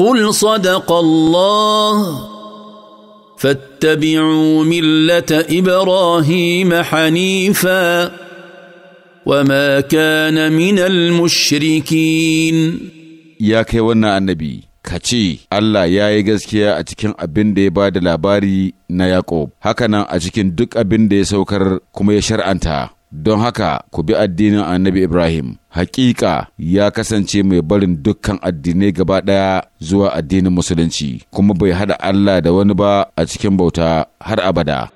قل صدق الله فاتبعوا مله ابراهيم حنيفا وما كان من المشركين يا كيوانا النبي kace Allah ya yi gaskiya a cikin abin da ya ba da labari na Yaƙob, hakanan a cikin duk abin da ya saukar kuma ya shar'anta don haka ku bi addinin annabi Ibrahim, hakika ya kasance mai barin dukkan addinai gaba ɗaya zuwa addinin Musulunci, kuma bai haɗa Allah da wani ba a cikin bauta har abada.